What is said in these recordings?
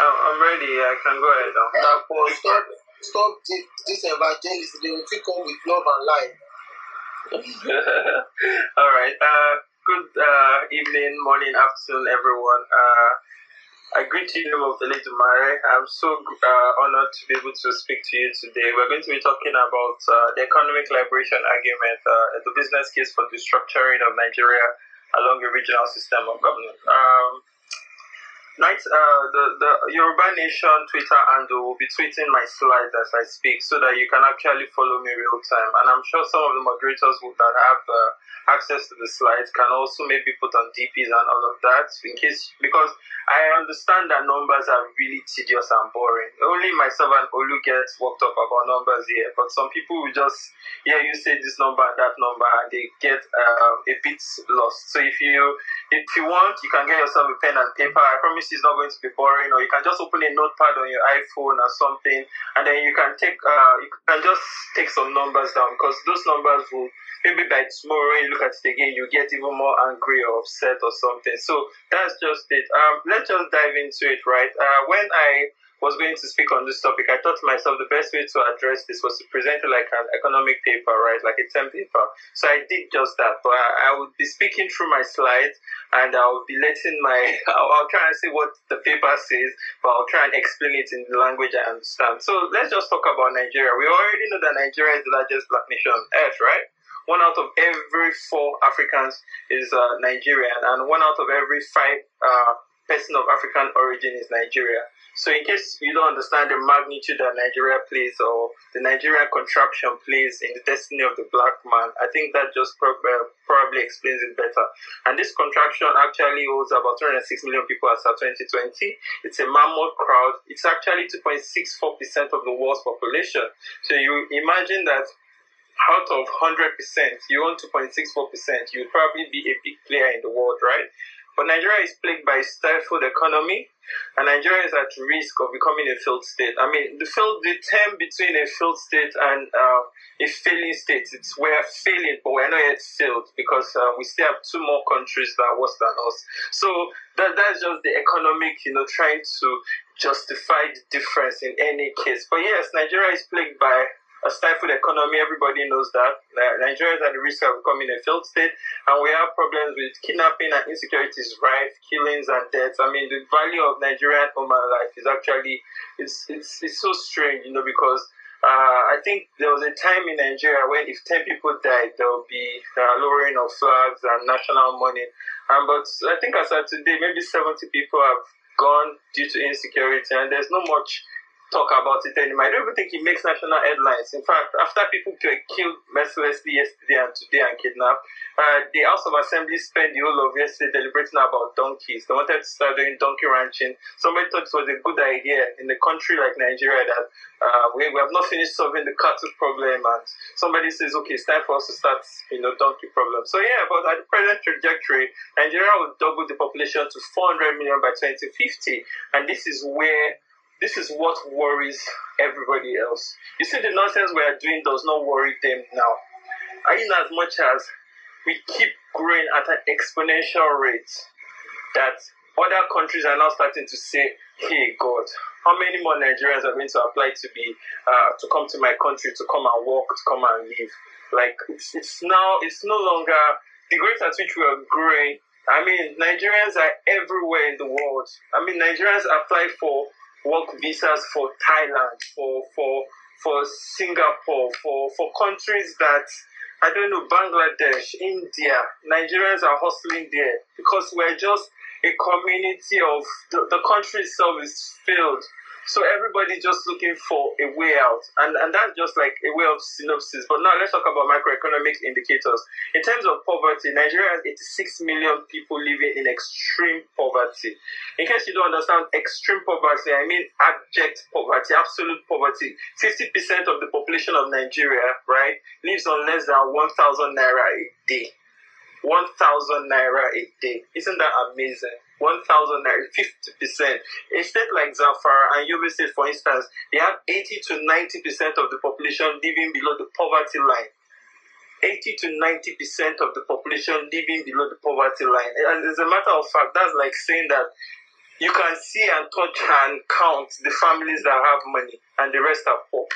I'm, ready. I can go ahead now. Therefore, stop, stop this, this evangelism. They will still come with love and light. All right. Uh, good uh, evening, morning, afternoon, everyone. Uh, I greet you in the name of the Lady Mary. I'm so uh, honored to be able to speak to you today. We're going to be talking about uh, the economic liberation argument, uh, the business case for the structuring of Nigeria along the regional system of government. Um, uh, the the Yoruba Nation Twitter handle will be tweeting my slides as I speak, so that you can actually follow me real time. And I'm sure some of the moderators will, that have uh, access to the slides can also maybe put on DPs and all of that, in case because I understand that numbers are really tedious and boring. Only myself and Olu gets worked up about numbers here, but some people will just yeah, you say this number and that number, and they get uh, a bit lost. So if you if you want, you can get yourself a pen and paper. I promise is not going to be boring, or you can just open a notepad on your iPhone or something, and then you can take uh, you can just take some numbers down because those numbers will maybe by tomorrow you look at it again you get even more angry or upset or something. So that's just it. Um, let's just dive into it, right? Uh, when I was going to speak on this topic, I thought to myself the best way to address this was to present it like an economic paper, right, like a term paper. So I did just that, but I, I would be speaking through my slides and I'll be letting my, I'll, I'll, try and see what the paper says, but I'll try and explain it in the language I understand. So let's just talk about Nigeria. We already know that Nigeria is the largest black nation on earth, right? One out of every four Africans is uh, Nigerian, and one out of every five uh, person of African origin is Nigeria. So, in case you don't understand the magnitude that Nigeria plays or the Nigerian contraption plays in the destiny of the black man, I think that just uh, probably explains it better. And this contraction actually holds about 206 million people as of 2020. It's a mammoth crowd. It's actually 2.64% of the world's population. So, you imagine that out of 100%, you own 2.64%, percent you would probably be a big player in the world, right? But Nigeria is plagued by a stifled economy, and Nigeria is at risk of becoming a failed state. I mean, the failed, the term between a failed state and uh, a failing state, it's we're failing, but we're not yet failed because uh, we still have two more countries that are worse than us. So that, that's just the economic, you know, trying to justify the difference in any case. But yes, Nigeria is plagued by a stifled economy. Everybody knows that. Nigeria is at the risk of becoming a failed state, and we have problems with kidnapping and insecurities rife, killings and deaths. I mean, the value of Nigerian human life is actually it's it's, it's so strange, you know, because. Uh, I think there was a time in Nigeria when if 10 people died, there would be uh, lowering of flags and national mourning. Um, but I think as of today, maybe 70 people have gone due to insecurity, and there's not much talk about it anymore. I don't even think he makes national headlines. In fact, after people were killed mercilessly yesterday and today and kidnapped, uh, the House of Assembly spent the whole of yesterday deliberating about donkeys. They wanted to start doing donkey ranching. Somebody thought it was a good idea in a country like Nigeria that uh, we, we have not finished solving the cattle problem, and somebody says, okay, it's time for us to start, you know, donkey problem. So yeah, but at the present trajectory, Nigeria will double the population to 400 million by 2050, and this is where this is what worries everybody else. You see, the nonsense we are doing does not worry them now. in as much as we keep growing at an exponential rate, that other countries are now starting to say, "Hey God, how many more Nigerians are going to apply to be uh, to come to my country to come and work, to come and live?" Like it's, it's now it's no longer the rate at which we are growing. I mean, Nigerians are everywhere in the world. I mean, Nigerians apply for work visas for Thailand, for for for Singapore, for for countries that I don't know, Bangladesh, India, Nigerians are hustling there because we're just a community of the, the country itself is filled so everybody just looking for a way out, and and that's just like a way of synopsis. But now let's talk about macroeconomic indicators. In terms of poverty, Nigeria has 86 million people living in extreme poverty. In case you don't understand extreme poverty, I mean abject poverty, absolute poverty. 50% of the population of Nigeria, right, lives on less than 1,000 naira a day. 1,000 naira a day. Isn't that amazing? 1,050%. Instead, like Zafar and Yobe State, for instance, they have 80 to 90% of the population living below the poverty line. 80 to 90% of the population living below the poverty line. And as a matter of fact, that's like saying that you can see and touch and count the families that have money and the rest are poor.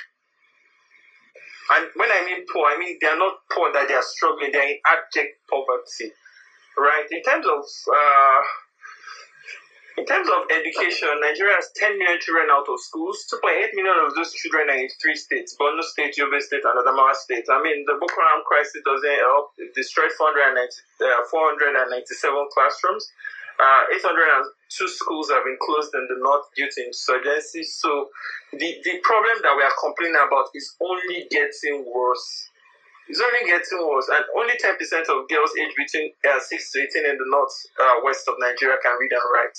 And when I mean poor, I mean they are not poor that they are struggling, they are in abject poverty. Right? In terms of uh, in terms of education, Nigeria has 10 million children out of schools. 2.8 million of those children are in three states Borno State, Yobe State, and Adamawa State. I mean, the Boko Haram crisis doesn't help. It destroyed 497 uh, classrooms. Uh, 802 schools have been closed in the north due to insurgency. So the, the problem that we are complaining about is only getting worse. It's only getting worse, and only 10% of girls aged between uh, 6 to 18 in the north uh, west of Nigeria can read and write.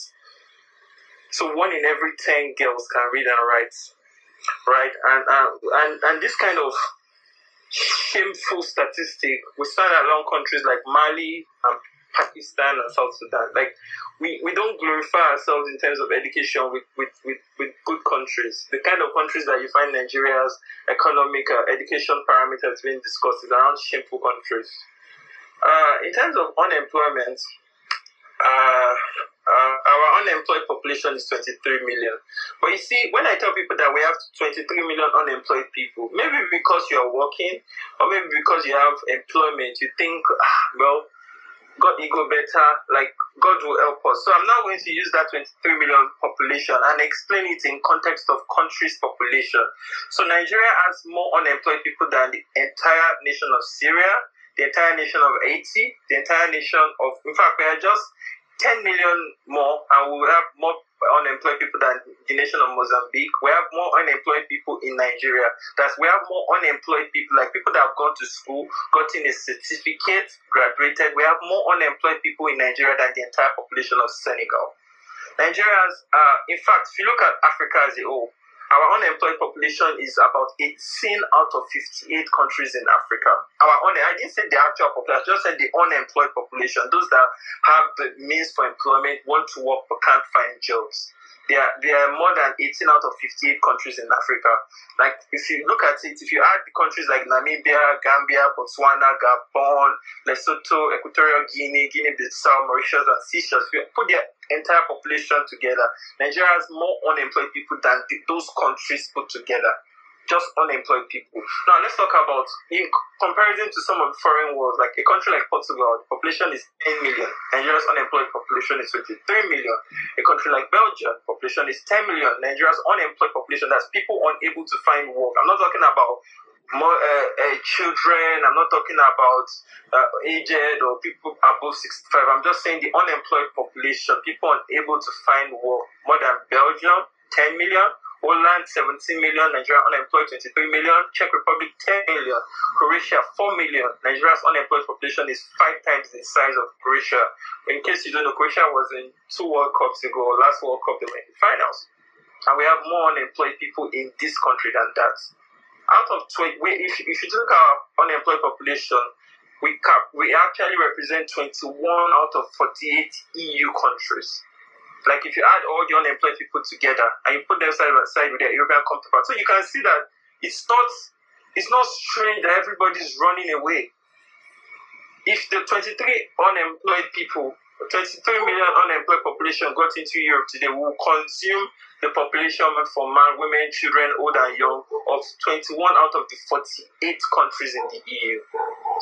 So one in every ten girls can read and write, right? And uh, and and this kind of shameful statistic we stand along countries like Mali and Pakistan and South Sudan. Like we, we don't glorify ourselves in terms of education with, with, with, with good countries. The kind of countries that you find Nigeria's economic uh, education parameters being discussed is around shameful countries. Uh, in terms of unemployment, uh, uh, our unemployed population is 23 million. But you see, when I tell people that we have 23 million unemployed people, maybe because you are working or maybe because you have employment, you think, ah, well, God it go better, like God will help us. So I'm not going to use that 23 million population and explain it in context of country's population. So Nigeria has more unemployed people than the entire nation of Syria, the entire nation of Haiti, the entire nation of in fact we are just 10 million more, and we will have more unemployed people than the nation of Mozambique. We have more unemployed people in Nigeria. That's we have more unemployed people, like people that have gone to school, gotten a certificate, graduated. We have more unemployed people in Nigeria than the entire population of Senegal. Nigerians, uh, in fact, if you look at Africa as a whole, our unemployed population is about 18 out of 58 countries in Africa. Our un- I didn't say the actual population, I just said the unemployed population. Those that have the means for employment, want to work but can't find jobs. There are, there are more than 18 out of 58 countries in Africa. Like, if you look at it, if you add the countries like Namibia, Gambia, Botswana, Gabon, Lesotho, Equatorial Guinea, Guinea Bissau, Mauritius, and Seychelles, you put their entire population together, Nigeria has more unemployed people than those countries put together just unemployed people. Now let's talk about in comparison to some of the foreign wars, like a country like Portugal, the population is 10 million, Nigeria's unemployed population is 23 million. A country like Belgium, population is 10 million, Nigeria's unemployed population, that's people unable to find work. I'm not talking about more uh, uh, children. I'm not talking about uh, aged or people above 65. I'm just saying the unemployed population, people unable to find work, more than Belgium, 10 million, Holland 17 million, Nigeria unemployed 23 million, Czech Republic 10 million, Croatia 4 million. Nigeria's unemployed population is five times the size of Croatia. In case you don't know, Croatia was in two World Cups ago, last World Cup they were in the finals. And we have more unemployed people in this country than that. Out of 20, we, if, if you look at our unemployed population, we, cap, we actually represent 21 out of 48 EU countries. Like if you add all the unemployed people together and you put them side by side with the European counterparts, so you can see that it's not it's not strange that everybody's running away. If the 23 unemployed people, 23 million unemployed population got into Europe today, we will consume the population for men, women, children, old and young of 21 out of the 48 countries in the EU.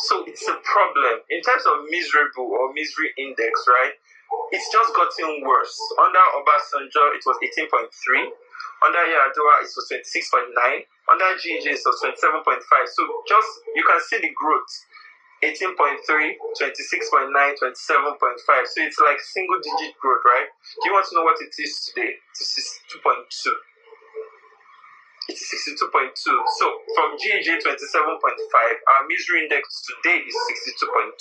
So it's a problem. In terms of miserable or misery index, right? It's just gotten worse. Under Obasanjo, it was 18.3. Under Yaradua, it was 26.9. Under GNG, it was 27.5. So just, you can see the growth. 18.3, 26.9, 27.5. So it's like single digit growth, right? Do you want to know what it is today? It's 62.2. It's 62.2. So from GAJ 27.5, our misery index today is 62.2.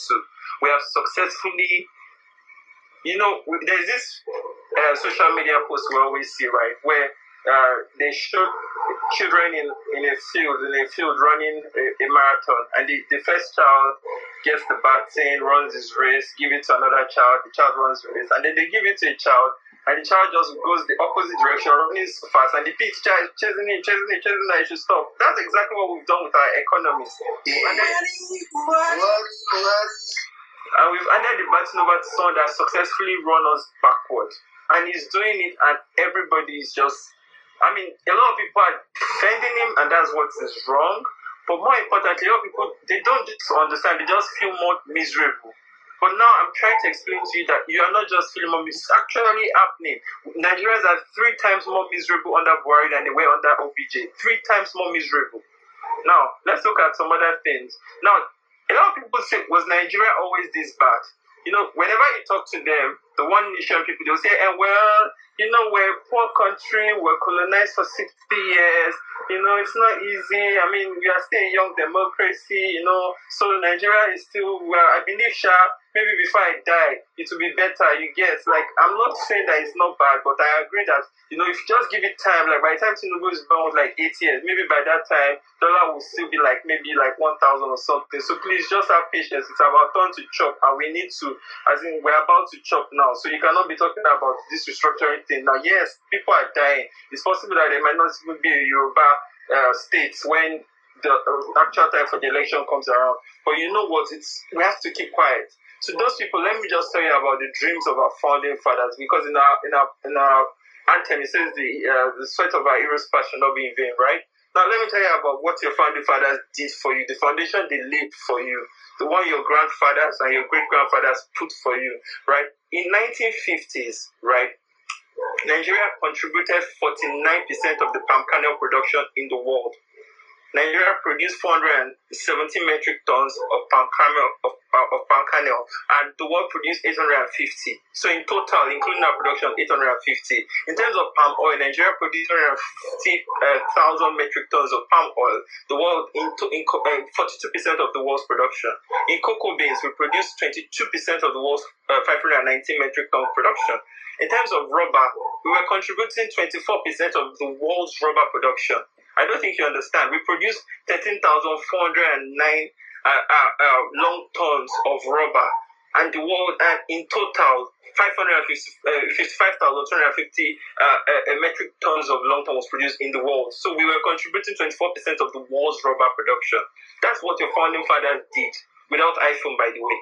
We have successfully you know, there's this uh, social media post we always see, right, where uh, they show children in, in a field, in a field running a, a marathon, and the, the first child gets the baton, runs his race, give it to another child, the child runs the race, and then they give it to a child, and the child just goes the opposite direction, running so fast, and the child is chasing him, chasing him, chasing him, and should stop. That's exactly what we've done with our economies and we've handed the baton over to someone that successfully run us backward. And he's doing it, and everybody is just. I mean, a lot of people are defending him, and that's what is wrong. But more importantly, a lot of people they don't just understand; they just feel more miserable. But now I'm trying to explain to you that you are not just feeling more miserable. It's actually happening. Nigerians are three times more miserable under Buhari than they were under OBJ. Three times more miserable. Now let's look at some other things. Now a lot of people say, was Nigeria always this bad? You know, whenever you talk to them, the one nation people, they'll say, and eh, well, you know, we're a poor country, we're colonized for 60 years, you know, it's not easy. I mean, we are still a young democracy, you know, so Nigeria is still, well, I believe, Sha, maybe before I die, it will be better, you get. Like, I'm not saying that it's not bad, but I agree that, you know, if you just give it time, like, by the time Tinubu is born, like, eight years, maybe by that time, dollar will still be, like, maybe, like, 1,000 or something. So please, just have patience. It's about time to chop, and we need to, as in, we're about to chop now now. So you cannot be talking about this restructuring thing now. Yes, people are dying. It's possible that they might not even be a Yoruba uh, states when the uh, actual time for the election comes around. But you know what? It's we have to keep quiet. So those people, let me just tell you about the dreams of our founding fathers, because in our in our in our anthem it says the uh, the sweat of our heroes' passion not be in vain, right? Now, let me tell you about what your founding fathers did for you, the foundation they laid for you, the one your grandfathers and your great grandfathers put for you, right? In 1950s, right, Nigeria contributed 49% of the palm kernel production in the world. Nigeria produced 470 metric tons of palm kernel, of, uh, of palm kernel and the world produced 850. So in total, including our production, 850. In terms of palm oil, Nigeria produced 150,000 uh, metric tons of palm oil. The world, in, to, in 42% uh, of the world's production. In cocoa beans, we produced 22% of the world's uh, 519 metric ton production. In terms of rubber, we were contributing 24% of the world's rubber production. I don't think you understand. We produce 13,409 uh, uh, uh, long tons of rubber, and the world, and in total, 555,250 uh, uh, uh, metric tons of long tons was produced in the world. So we were contributing 24% of the world's rubber production. That's what your founding fathers did without iPhone, by the way.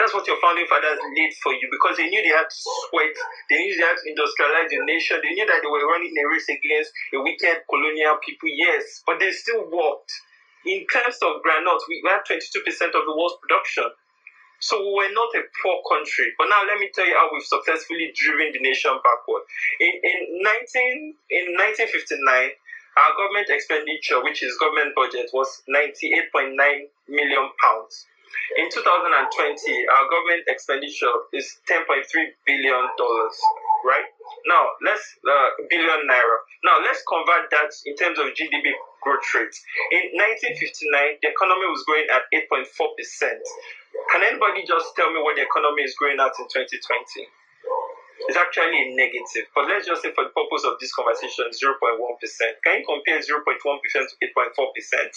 That's what your founding fathers did for you because they knew they had to sweat, they knew they had to industrialize the nation, they knew that they were running a race against a wicked colonial people, yes, but they still worked. In terms of granite, we had 22% of the world's production. So we were not a poor country. But now let me tell you how we've successfully driven the nation backward. In, in, 19, in 1959, our government expenditure, which is government budget, was 98.9 million pounds. In 2020, our government expenditure is 10.3 billion dollars, right? Now let's uh, billion naira. Now let's convert that in terms of GDP growth rate. In 1959, the economy was growing at 8.4 percent. Can anybody just tell me what the economy is growing at in 2020? It's actually a negative, but let's just say for the purpose of this conversation, 0.1 percent. Can you compare 0.1 percent to 8.4 percent?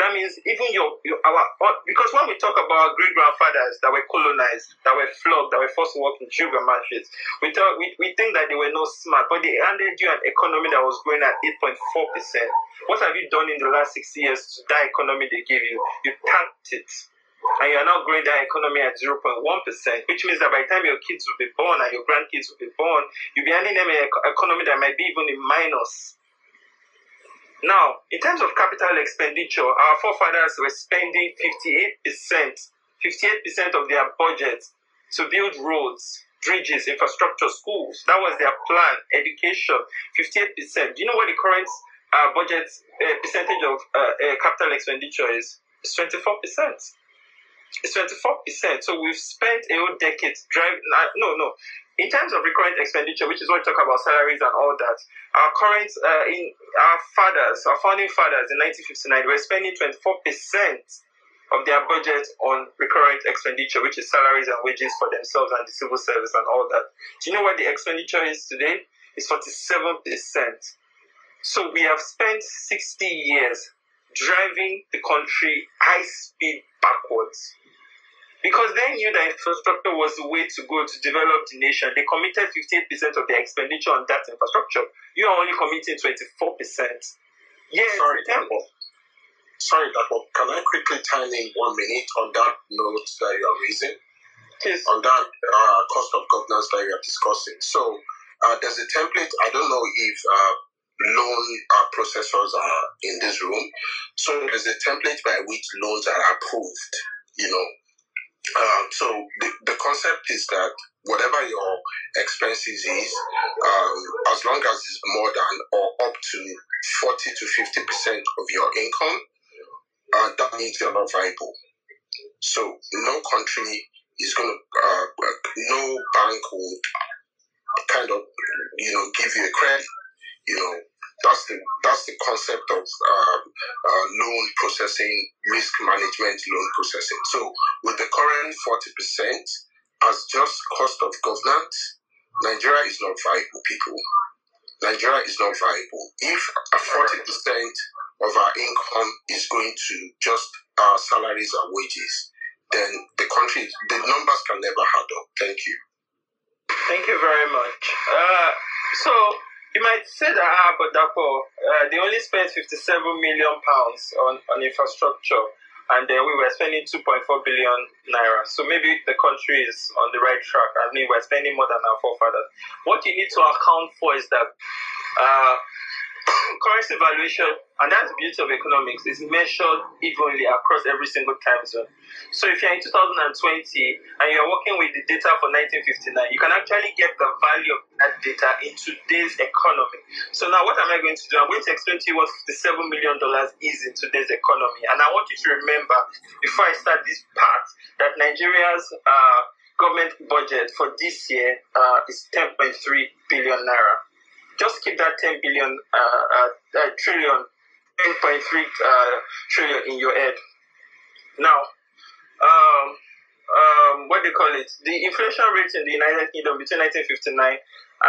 That means even your, your our because when we talk about great grandfathers that were colonized, that were flogged, that were forced to work in sugar markets, we talk we, we think that they were not smart, but they handed you an economy that was growing at eight point four percent. What have you done in the last six years to that economy they gave you? You tanked it and you are now growing that economy at 0.1%, which means that by the time your kids will be born and your grandkids will be born, you'll be handing them an economy that might be even in minus. Now, in terms of capital expenditure, our forefathers were spending 58%, 58% of their budget to build roads, bridges, infrastructure, schools. That was their plan, education, 58%. Do you know what the current uh, budget uh, percentage of uh, uh capital expenditure is? It's 24%. It's 24%. So we've spent a whole decade driving, uh, no, no, in terms of recurrent expenditure, which is what we talk about salaries and all that, our current uh, in our fathers, our founding fathers in 1959, were spending 24 percent of their budget on recurrent expenditure, which is salaries and wages for themselves and the civil service and all that. Do you know what the expenditure is today? It's 47 percent. So we have spent 60 years driving the country high speed backwards because they knew that infrastructure was the way to go to develop the nation. They committed 15% of their expenditure on that infrastructure. You are only committing 24%. Yes, sorry, temple. Sorry, Dapo, can I quickly time in one minute on that note that you are raising? Yes. On that uh, cost of governance that you are discussing. So, uh, there's a template. I don't know if uh, loan uh, processors are in this room. So, there's a template by which loans are approved, you know, um, so the, the concept is that whatever your expenses is, um, as long as it's more than or up to 40 to 50 percent of your income, uh, that means you're not viable. So no country is going to, uh, no bank would kind of, you know, give you a credit. You know, that's the that's the concept of um, uh, loan processing, risk management, loan processing. So with the current forty percent as just cost of governance, Nigeria is not viable, people. Nigeria is not viable. If forty percent of our income is going to just our salaries and wages, then the country, the numbers can never add up. Thank you. Thank you very much. Uh, so you might say that, ah, but Dapo, uh, they only spent 57 million pounds on, on infrastructure, and then we were spending 2.4 billion naira. So maybe the country is on the right track. I mean, we're spending more than our forefathers. What you need to account for is that uh, currency valuation, and that's the beauty of economics, is measured evenly across every single time zone. So if you're in 2020 and you're working with the data for 1959, you can actually get the value of that data in today's economy. So now what am I going to do? I'm going to explain to you what $57 million is in today's economy. And I want you to remember, before I start this part, that Nigeria's uh, government budget for this year uh, is 10.3 billion naira just keep that 10 billion uh, uh, uh trillion, 10.3 uh, trillion in your head. Now, um, um, what do you call it? The inflation rate in the United Kingdom between 1959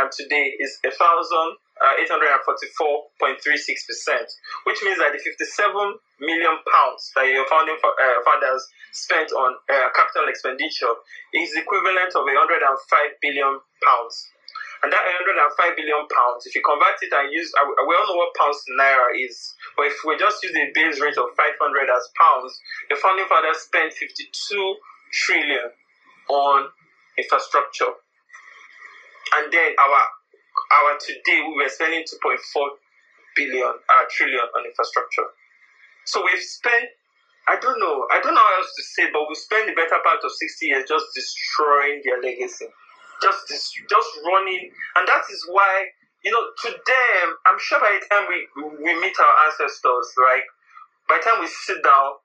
and today is a uh, percent which means that the 57 million pounds that your founding uh, spent on uh, capital expenditure is equivalent of 105 billion pounds and that 105 billion pounds, if you convert it and use, uh, we all know what pounds naira is, but if we just use a base rate of 500 as pounds, the founding fathers spent 52 trillion on infrastructure. And then our our today we were spending 2.4 billion uh, trillion on infrastructure. So we've spent I don't know I don't know how else to say, but we spent the better part of 60 years just destroying their legacy just this, just running, and that is why you know today I'm sure by the time we we meet our ancestors, like by the time we sit down,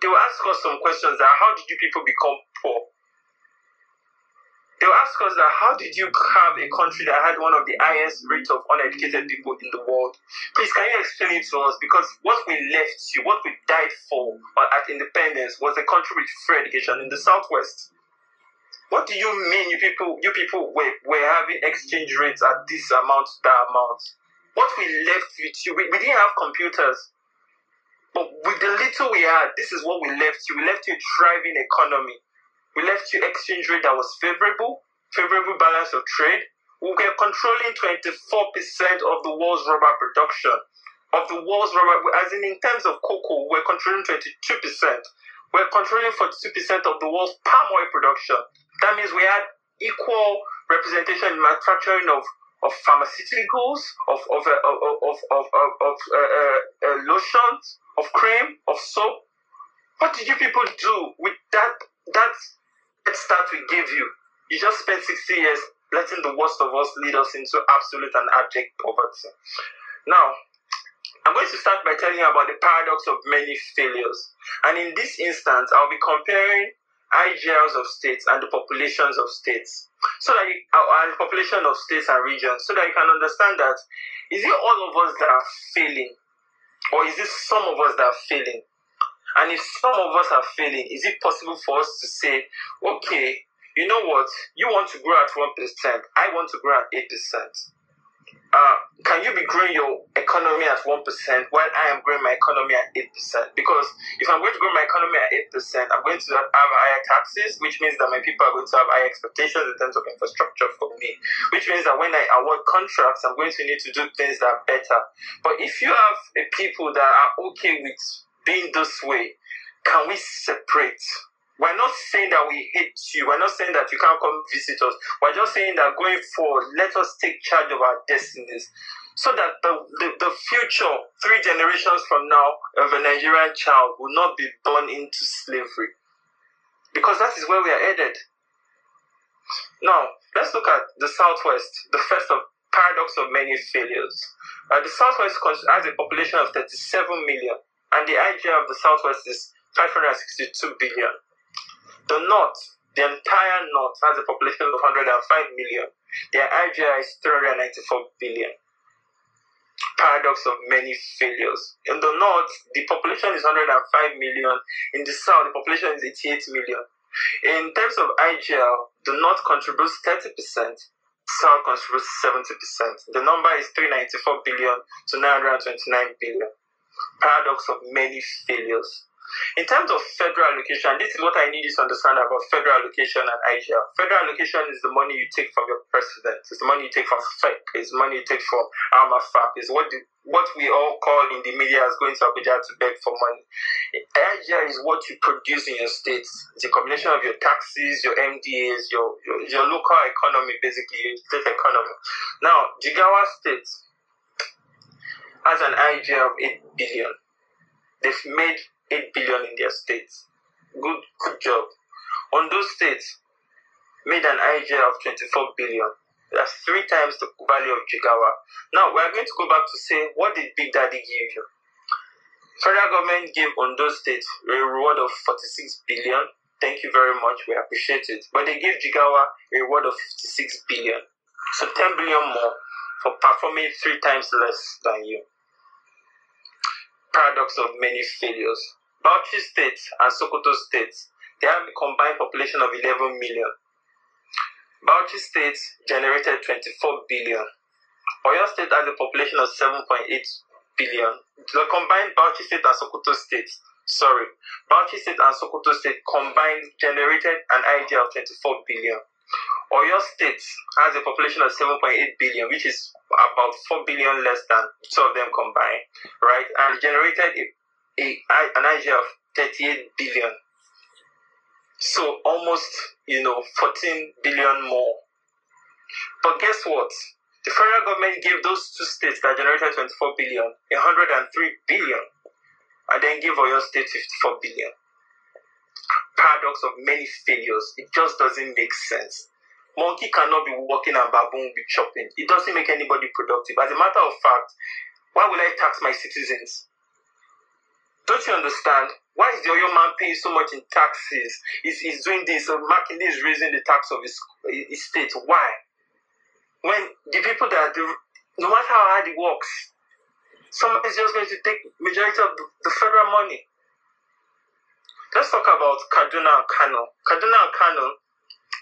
they will ask us some questions that how did you people become poor? They'll ask us that how did you have a country that had one of the highest rates of uneducated people in the world? Please can you explain it to us? Because what we left you, what we died for uh, at independence was a country with free education in the southwest. What do you mean you people you people were, were having exchange rates at this amount, that amount? What we left with you, we, we didn't have computers. But with the little we had, this is what we left you. We left you a thriving economy. We left you exchange rate that was favorable, favorable balance of trade. We were controlling 24% of the world's rubber production. Of the world's rubber, as in in terms of cocoa, we're controlling 22%. We're controlling 42% of the world's palm oil production. That means we had equal representation in manufacturing of of pharmaceuticals, of of uh, of of, of, of uh, uh, uh, lotions, of cream, of soap. What did you people do with that that head start we gave you? You just spent sixty years letting the worst of us lead us into absolute and abject poverty. Now, I'm going to start by telling you about the paradox of many failures, and in this instance, I'll be comparing IGRs of states and the populations of states, so that you, uh, and population of states and regions, so that you can understand that is it all of us that are failing, or is it some of us that are failing? And if some of us are failing, is it possible for us to say, okay, you know what, you want to grow at one percent, I want to grow at eight percent. Uh, can you be growing your economy at 1% while I am growing my economy at 8%? Because if I'm going to grow my economy at 8%, I'm going to have higher taxes, which means that my people are going to have higher expectations in terms of infrastructure for me, which means that when I award contracts, I'm going to need to do things that are better. But if you have a people that are okay with being this way, can we separate we're not saying that we hate you. We're not saying that you can't come visit us. We're just saying that going forward, let us take charge of our destinies so that the, the, the future, three generations from now, of a Nigerian child will not be born into slavery. Because that is where we are headed. Now, let's look at the Southwest, the first of paradox of many failures. Uh, the Southwest has a population of 37 million, and the IGR of the Southwest is 562 billion. The north, the entire north, has a population of 105 million. Their IGI is 394 billion. Paradox of many failures. In the north, the population is 105 million. In the south, the population is 88 million. In terms of IGL, the north contributes 30%, south contributes 70%. The number is 394 billion to 929 billion. Paradox of many failures. In terms of federal allocation, this is what I need you to understand about federal allocation and IGL. Federal allocation is the money you take from your president. It's the money you take from FEC. It's money you take from AMAFAP. It's what the, what we all call in the media as going to Abuja to beg for money. IGL is what you produce in your states. It's a combination of your taxes, your MDAs, your, your, your local economy, basically, your state economy. Now, Jigawa State has an IGL of 8 billion. They've made 8 billion in their states. Good, good job. On those states, made an IGR of 24 billion. That's three times the value of Jigawa. Now, we are going to go back to say, what did Big Daddy give you? Federal government gave on those states a reward of 46 billion. Thank you very much. We appreciate it. But they gave Jigawa a reward of 56 billion. So 10 billion more for performing three times less than you paradox of many failures. Bauchi State and Sokoto State, they have a combined population of 11 million. Bauchi State generated 24 billion. Oyo State has a population of 7.8 billion. The combined Bauchi State and Sokoto State, sorry, Bauchi State and Sokoto State combined generated an idea of 24 billion. Oyo State has a population of 7.8 billion, which is about 4 billion less than two of them combined, right? And generated a, a, an idea of 38 billion. So almost, you know, 14 billion more. But guess what? The federal government gave those two states that generated 24 billion, 103 billion, and then gave Oyo State 54 billion paradox of many failures. It just doesn't make sense. Monkey cannot be walking and baboon be chopping. It doesn't make anybody productive. As a matter of fact, why will I tax my citizens? Don't you understand? Why is the Oyo man paying so much in taxes? He's, he's doing this, so Makinde this, raising the tax of his, his state. Why? When the people that, the, no matter how hard it works, someone is just going to take majority of the, the federal money let's talk about Kaduna and Kano. Kaduna and Kano.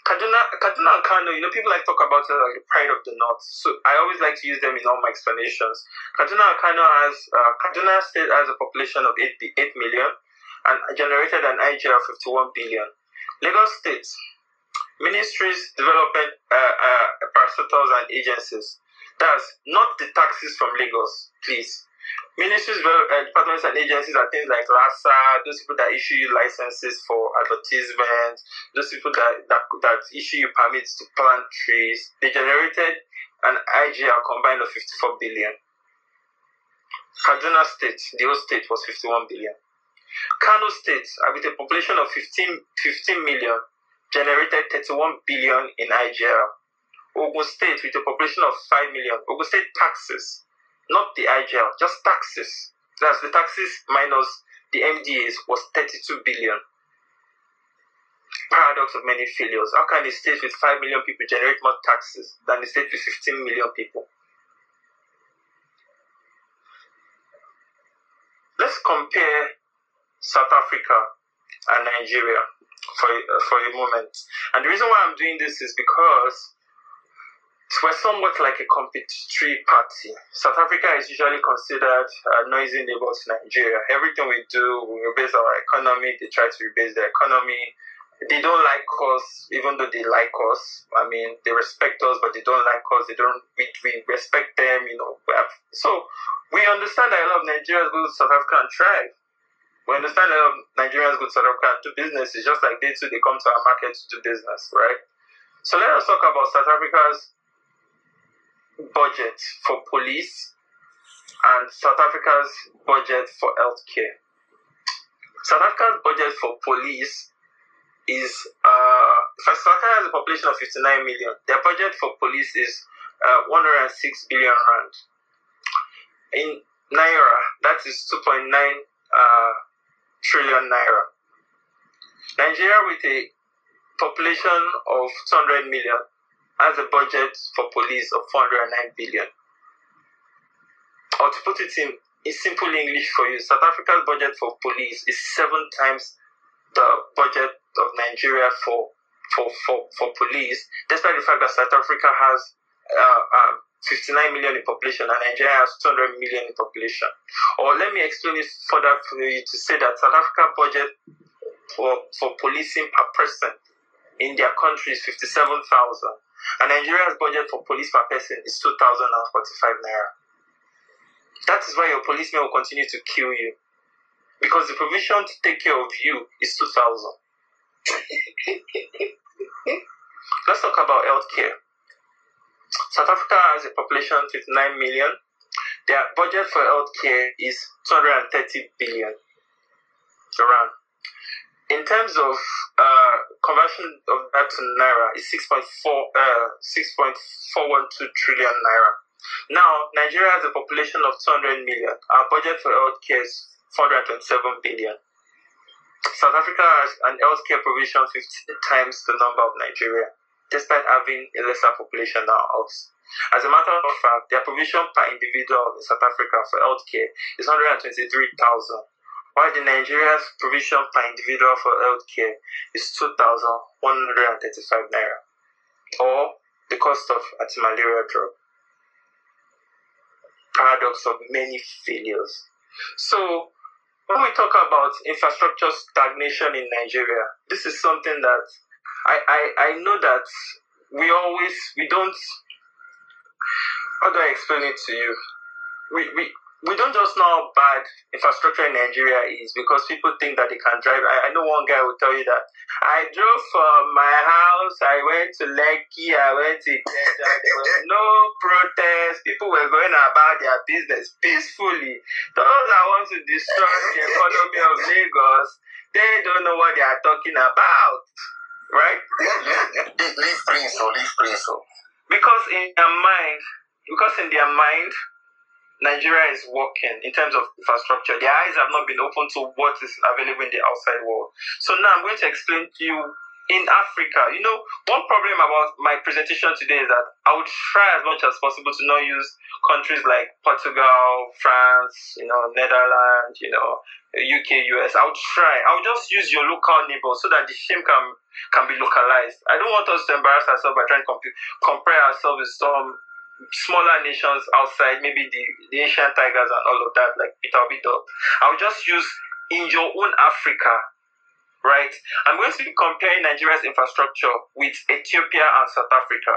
Kaduna, Kaduna and Kano, you know, people like talk about it uh, like the pride of the North. So I always like to use them in all my explanations. Kaduna and Kano has, uh, Kaduna State has a population of 8, 8 million and generated an IGR of 51 billion. Lagos State, ministries, development uh, uh, parastatals and agencies. That's not the taxes from Lagos, please. Ministries, uh, departments, and agencies are things like LASA, those people that issue you licenses for advertisements, those people that, that, that issue you permits to plant trees. They generated an IGR combined of 54 billion. Kaduna State, the old state, was 51 billion. Kano State, uh, with a population of 15, 15 million, generated 31 billion in IGR. Ogun State, with a population of 5 million, Ogun State taxes not the IGL, just taxes. That's the taxes minus the MDAs was 32 billion. Paradox of many failures. How can a state with 5 million people generate more taxes than a state with 15 million people? Let's compare South Africa and Nigeria for, uh, for a moment. And the reason why I'm doing this is because we're somewhat like a competitory party. South Africa is usually considered a noisy neighbor to Nigeria. Everything we do, we rebase our economy, they try to rebase their economy. They don't like us, even though they like us. I mean, they respect us, but they don't like us. They don't. We, we respect them, you know. So we understand that a lot of Nigerians go to South Africa and thrive. We understand that a lot of Nigerians go to South Africa and do business. It's just like they too. They come to our market to do business, right? So let us talk about South Africa's budget for police and South Africa's budget for healthcare. South Africa's budget for police is uh, South Africa has a population of 59 million. Their budget for police is uh, 106 billion rand. In naira, that is 2.9 uh, trillion naira. Nigeria, with a population of 200 million, has a budget for police of 409 billion. Or to put it in, in simple English for you, South Africa's budget for police is seven times the budget of Nigeria for for, for, for police, despite the fact that South Africa has uh, uh, 59 million in population and Nigeria has 200 million in population. Or let me explain it further for you to say that South Africa budget for, for policing per person in their country is 57,000 and Nigeria's budget for police per person is 2,045 naira. That is why your policeman will continue to kill you. Because the provision to take care of you is 2,000. Let's talk about healthcare. South Africa has a population of 59 million. Their budget for healthcare is 230 billion. Around. In terms of uh, conversion of that to naira, is 6.4 uh, 6.412 trillion naira. Now, Nigeria has a population of 200 million. Our budget for healthcare is 427 billion. South Africa has an healthcare provision 15 times the number of Nigeria, despite having a lesser population than us. As a matter of fact, their provision per individual in South Africa for healthcare is 123,000 while the Nigeria's provision per individual for healthcare is 2,135 naira, or the cost of a malaria drug. Paradox of many failures. So, when we talk about infrastructure stagnation in Nigeria, this is something that I, I, I know that we always, we don't, how do I explain it to you? We, we, we don't just know how bad infrastructure in Nigeria is because people think that they can drive. I, I know one guy will tell you that. I drove from my house, I went to Lekki, I went to Ikeja. There was no protest. People were going about their business peacefully. Those that want to destroy the economy of Lagos, they don't know what they are talking about. Right? Leave Prince or leave Prince. Because in their mind, because in their mind, Nigeria is working in terms of infrastructure. Their eyes have not been open to what is available in the outside world. So now I'm going to explain to you in Africa. You know, one problem about my presentation today is that I would try as much as possible to not use countries like Portugal, France, you know, Netherlands, you know, UK, US. i would try. i would just use your local neighbor so that the shame can can be localized. I don't want us to embarrass ourselves by trying to compare ourselves with some smaller nations outside, maybe the, the Asian Tigers and all of that, like Peter done. I'll just use in your own Africa, right? I'm going to be comparing Nigeria's infrastructure with Ethiopia and South Africa.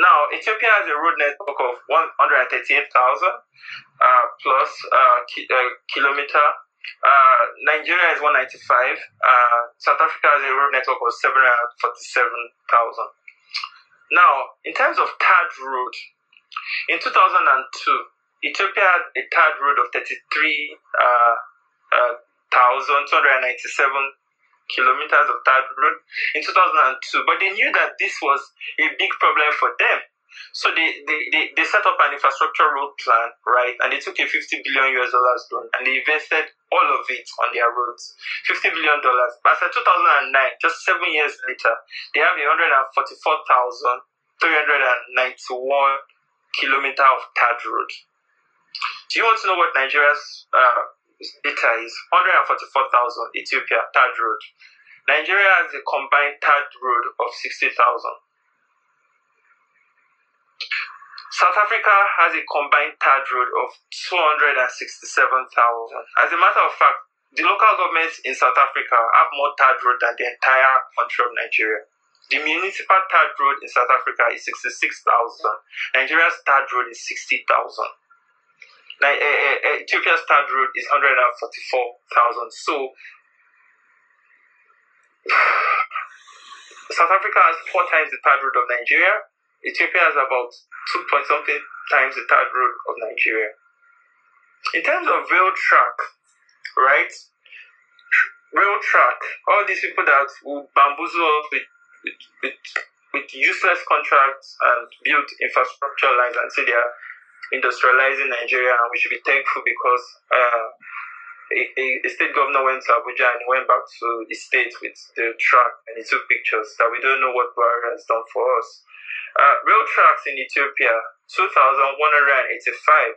Now, Ethiopia has a road network of 138,000 uh, plus uh, ki- uh, kilometer. Uh, Nigeria is 195. Uh, South Africa has a road network of 747,000. Now, in terms of third road, in 2002, Ethiopia had a third road of 33,297 uh, uh, kilometers of third road in 2002, but they knew that this was a big problem for them. So they, they, they, they set up an infrastructure road plan, right? And they took a 50 billion US dollars loan and they invested all of it on their roads. 50 billion dollars. But after 2009, just seven years later, they have 144,391 kilometer of third road. Do you want to know what Nigeria's uh, data is? 144,000 Ethiopia third road. Nigeria has a combined third road of 60,000. South Africa has a combined third road of 267,000. As a matter of fact, the local governments in South Africa have more third road than the entire country of Nigeria. The municipal third road in South Africa is 66,000. Nigeria's third road is 60,000. Like, uh, Ethiopia's third road is 144,000. So, South Africa has four times the third road of Nigeria. Ethiopia has about two point something times the third road of Nigeria. In terms of rail track, right? Rail track, all these people that will bamboozle us with with, with, with useless contracts and build infrastructure lines and say they are industrializing Nigeria, and we should be thankful because uh, a, a, state governor went to Abuja and went back to the state with the track and he took pictures that we don't know what Buhari has done for us. Uh, rail tracks in Ethiopia, 2,185.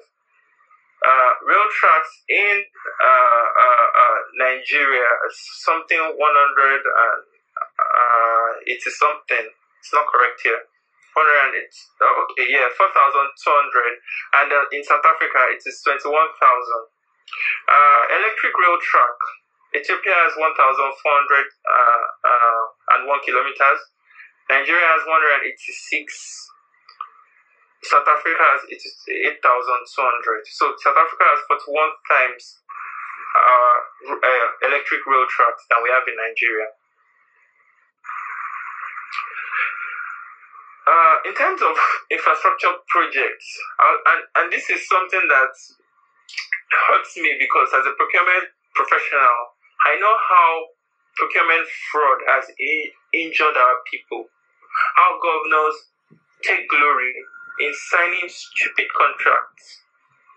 Uh, rail tracks in uh, uh, uh, Nigeria, something 100 and it is something. It's not correct here. 100 and it's oh, okay, yeah, 4,200. And uh, in South Africa, it is 21,000. Uh, electric rail track. Ethiopia has one thousand four hundred uh, uh kilometers. Nigeria has 186. South Africa has 8,200. So South Africa has 41 times uh, uh, electric rail tracks than we have in Nigeria. Uh, in terms of infrastructure projects, uh, and, and this is something that hurts me because as a procurement professional, I know how procurement fraud has in- injured our people, how governors take glory in signing stupid contracts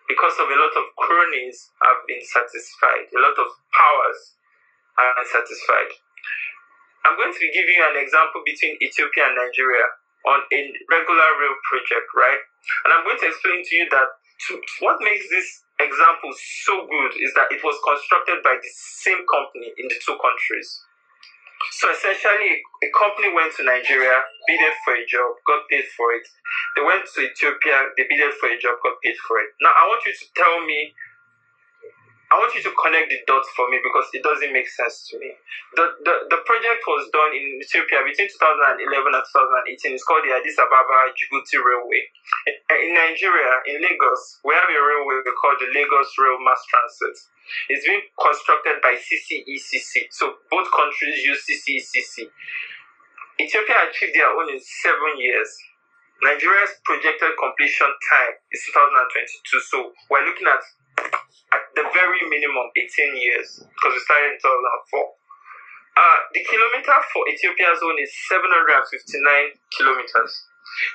because of a lot of cronies have been satisfied, a lot of powers are satisfied. I'm going to give you an example between Ethiopia and Nigeria on a regular rail project, right? And I'm going to explain to you that to, what makes this example so good is that it was constructed by the same company in the two countries. So essentially, a company went to Nigeria, bidded for a job, got paid for it. They went to Ethiopia, they bidded for a job, got paid for it. Now, I want you to tell me I want you to connect the dots for me because it doesn't make sense to me. The the, the project was done in Ethiopia between 2011 and 2018. It's called the Addis Ababa Djibouti Railway. In Nigeria, in Lagos, we have a railway called the Lagos Rail Mass Transit. It's been constructed by CCECC. So both countries use CCECC. Ethiopia achieved their own in seven years. Nigeria's projected completion time is 2022. So we're looking at the very minimum 18 years because we started in 2004. Uh, the kilometer for Ethiopia zone is 759 kilometers.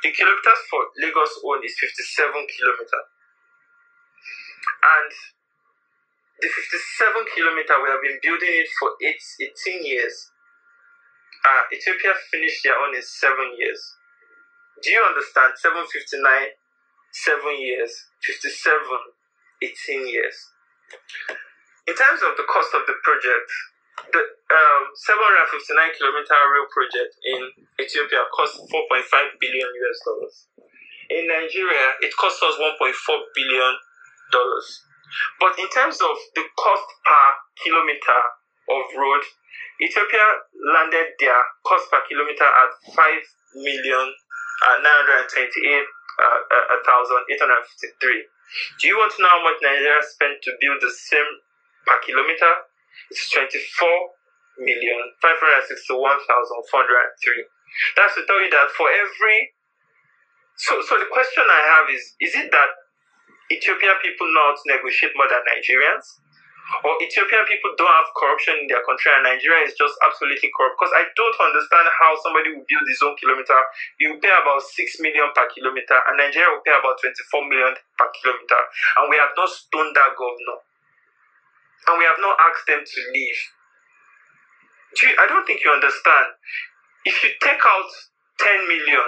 The kilometers for Lagos zone is 57 kilometers. And the 57 kilometer, we have been building it for eight, 18 years. Uh, Ethiopia finished their own in seven years. Do you understand? 759, seven years, 57, 18 years. In terms of the cost of the project, the um, 759 kilometer rail project in Ethiopia cost 4.5 billion US dollars. In Nigeria, it cost us 1.4 billion dollars. But in terms of the cost per kilometer of road, Ethiopia landed their cost per kilometer at 5 million uh, 928 uh, uh, 1853 do you want to know how much Nigeria spent to build the same per kilometer? It's 24 million That's to tell you that for every so so the question I have is is it that Ethiopian people not negotiate more than Nigerians? or Ethiopian people don't have corruption in their country and Nigeria is just absolutely corrupt. Because I don't understand how somebody will build his own kilometer. You pay about 6 million per kilometer and Nigeria will pay about 24 million per kilometer. And we have not stoned that governor. And we have not asked them to leave. Do you, I don't think you understand. If you take out 10 million,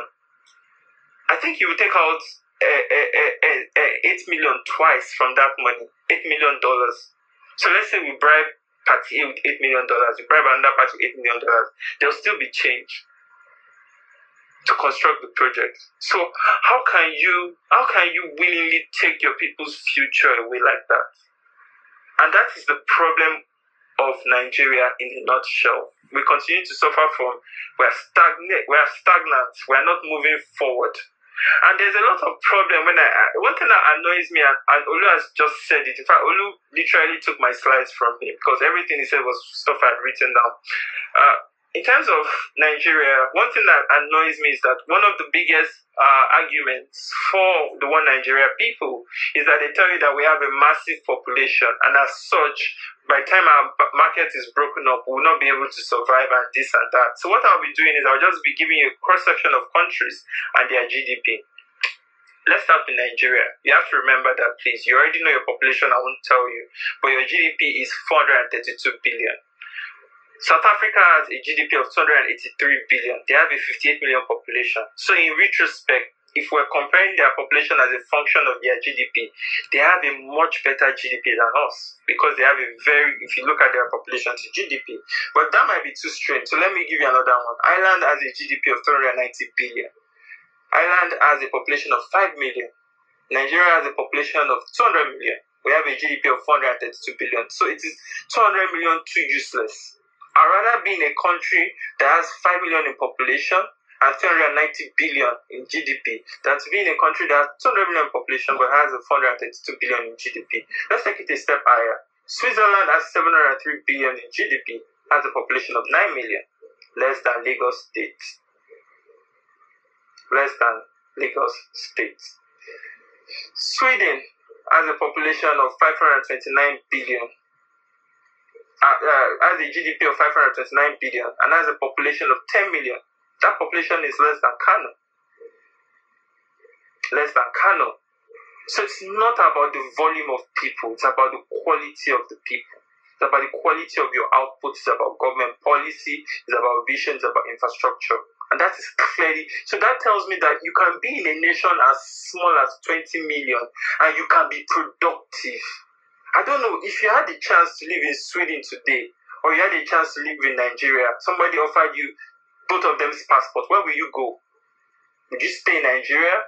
I think you will take out uh, uh, uh, 8 million twice from that money, $8 million dollars so let's say we bribe party A with eight million dollars, we bribe another party with eight million dollars. There'll still be change to construct the project. So how can you how can you willingly take your people's future away like that? And that is the problem of Nigeria in a nutshell. We continue to suffer from we are stagnant we are stagnant. We are not moving forward. And there's a lot of problem when I, one thing that annoys me, and, and Olu has just said it. In fact, Olu literally took my slides from him because everything he said was stuff I'd written down. Uh, in terms of Nigeria, one thing that annoys me is that one of the biggest uh, arguments for the one Nigeria people is that they tell you that we have a massive population, and as such, by the time our market is broken up, we'll not be able to survive and this and that. So what I'll be doing is I'll just be giving you a cross section of countries and their GDP. Let's start with Nigeria. You have to remember that, please. You already know your population, I won't tell you, but your GDP is 432 billion. South Africa has a GDP of 283 billion. They have a 58 million population. So, in retrospect, if we're comparing their population as a function of their GDP, they have a much better GDP than us because they have a very, if you look at their population to GDP. But that might be too strange. So, let me give you another one. Ireland has a GDP of 390 billion. Ireland has a population of 5 million. Nigeria has a population of 200 million. We have a GDP of 432 billion. So, it is 200 million too useless I'd rather be in a country that has 5 million in population and 390 billion in GDP than to be in a country that has 200 million population but has 432 billion in GDP. Let's take it a step higher. Switzerland has 703 billion in GDP, has a population of 9 million, less than Lagos State. Less than Lagos State. Sweden has a population of 529 billion, uh, uh, has a GDP of 529 billion and has a population of 10 million. That population is less than Kano. Less than Kano. So it's not about the volume of people, it's about the quality of the people. It's about the quality of your output, it's about government policy, it's about vision, it's about infrastructure. And that is clearly so that tells me that you can be in a nation as small as 20 million and you can be productive I don't know if you had the chance to live in Sweden today or you had a chance to live in Nigeria, somebody offered you both of them's passport, where will you go? Would you stay in Nigeria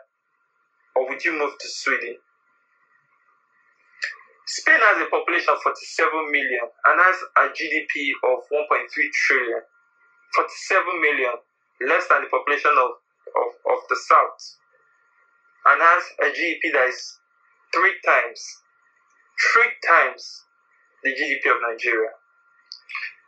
or would you move to Sweden? Spain has a population of 47 million and has a GDP of 1.3 trillion. 47 million, less than the population of, of, of the South, and has a GDP that is three times three times the GDP of Nigeria.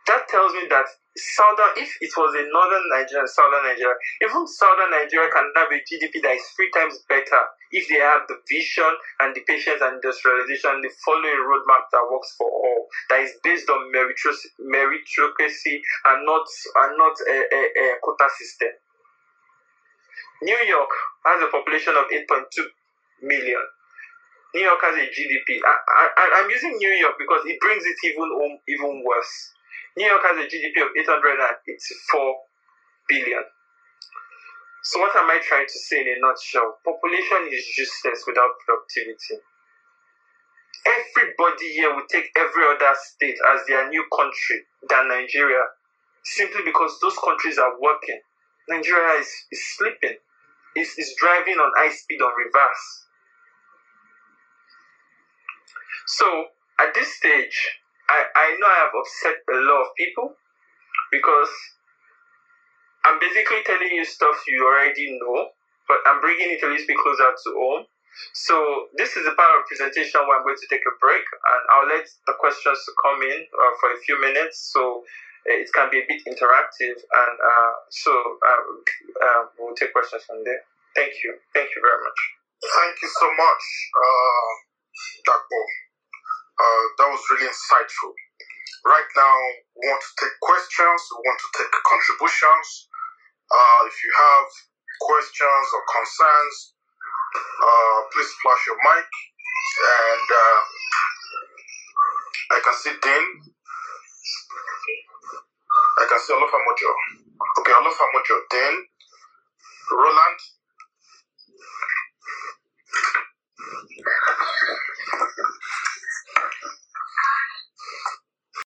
That tells me that southern, if it was a northern Nigeria, southern Nigeria, even southern Nigeria can have a GDP that is three times better if they have the vision and the patience and industrialization, the following roadmap that works for all, that is based on meritocracy and not and not a, a, a quota system. New York has a population of 8.2 million New York has a GDP. I, I, I'm using New York because it brings it even home, even worse. New York has a GDP of 884 billion. So, what am I trying to say in a nutshell? Population is useless without productivity. Everybody here will take every other state as their new country than Nigeria simply because those countries are working. Nigeria is, is sleeping, it's, it's driving on high speed on reverse. So at this stage, I, I know I have upset a lot of people because I'm basically telling you stuff you already know, but I'm bringing it a little bit closer to home. So this is the part of the presentation where I'm going to take a break, and I'll let the questions come in uh, for a few minutes. So eh, it can be a bit interactive, and uh, so uh, we'll take questions from there. Thank you. Thank you very much. Thank you so much, uh, Dagbo. Uh, that was really insightful. Right now, we want to take questions, we want to take contributions. Uh, if you have questions or concerns, uh, please flash your mic. And uh, I can see Dean. I can see Olofa Mojo. Okay, Olofa Mojo, Dean, Roland.